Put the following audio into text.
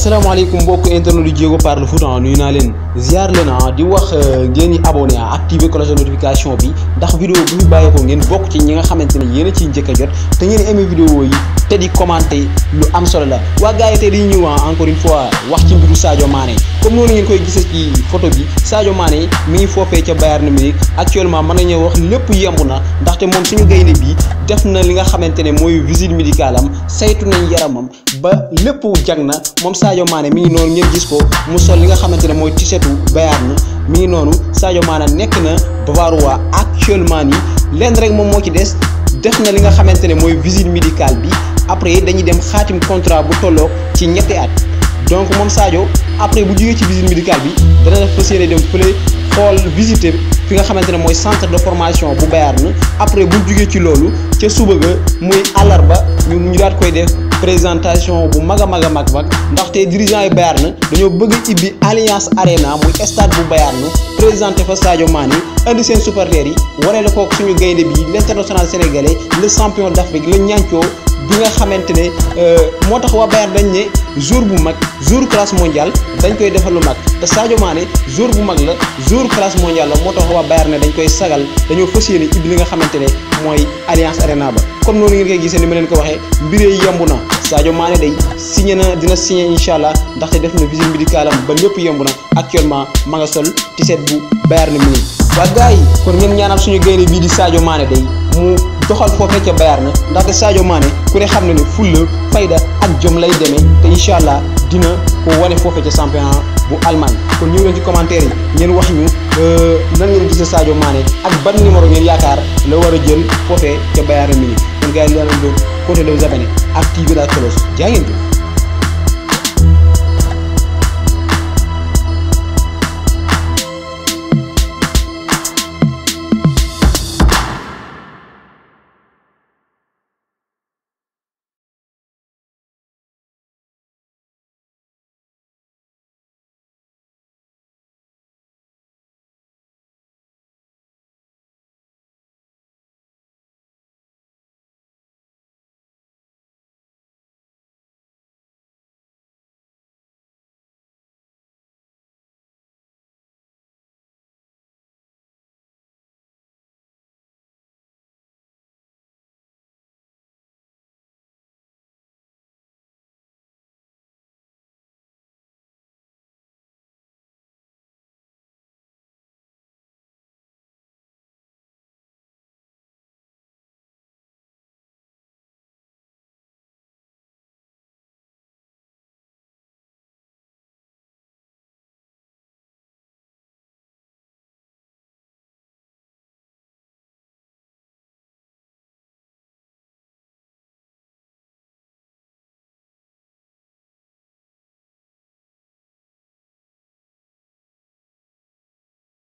asalaamaaleykum mbokk internet yu Diégo parle foot ah, nuyu naa leen ziar leen ah di wax euh, ngeen di abonné ah activé cloche notification bi ndax vidéo bi ñu bàyyi ko ngeen bokk ci ñi nga xamante ne yéen a ciy njëkk a jot te ngeen aimé vidéo yi te di commenté lu am solo la waa gars yi tey dañuy ñëw ah, encore une fois wax ci mbiru Sadio Mané comme noonu ngeen koy gisee ci photo bi Sadio Mané mi ngi foofee ca Bayern Munich actuellement mën nañu wax lépp yemb na ndaxte moom suñu gaynde bi def na li nga xamante ne mooy visite médicale am saytu nañ yaramam ba lépp jag na moom saajo Mané mi ngi noonu ngeen gis ko mu sol li nga xamante ne mooy tisetu Bayern mi ngi noonu Sadio Mané nekk na Bavarois actuellement nii lenn rek moom moo ci des def na li nga xamante ne mooy visite médicale bi après dañuy dem xaatim contrat bu tolloo ci ñetti at donc moom Sadio après bu jógee ci visite médicale bi dana def fas yéene dem fële xool visiter. fi nga xamante ne mooy centre de formation bu Bayern après bu jugee ci loolu ca suba ga muy alarba ñu ñu daat koy def présentation bu mag a mag a mag mag ndaxte dirigeant yi Bayern dañoo bëgg ibbi alliance Arena muy stade bu Bayern présenté fa Sadio Mané indi seen supporter yi waree la kook suñu gaynde bi l'international sénégalais le champion d'Afrique le ñancoo bi nga xamante ne euh, moo tax waa Bayern dañ ne jour bu mag jour classe mondiale dañ koy defal lu mag te Sadio Mané jour bu mag la jour classe mondiale la moo tax waa Bayern ne dañ koy sagal dañoo fas yéene ibbi li nga xamante ne mooy Allianz Arena ba comme noonu ngeen koy gisee ni ma leen ko waxee mbiree yemb na Sadio Mané day signé na dina signé incha allah ndaxte def na visite médicale am ba lépp yomb na actuellement ma nga sol tiset bu Bayern Munich waa gars yi kon ngeen ñaanal suñu gaynde bii di Sadio Mané day mu doxal foofee ca Bayern na ndaxte Sadio Mané ku ne xam ne ne fulla fayda ak jom lay demee te incha allah dina ko wane foofee ca championnat bu Allemagne kon ñëw leen ci commentaire yi ngeen wax ñu euh, nan ngeen gisee Sadio Mané ak ban numéro ngeen yaakaar la war a jël foofee ca Bayern Munich kon gars yi leen doon côté de abonné activer la cloche jaa ngeen jëf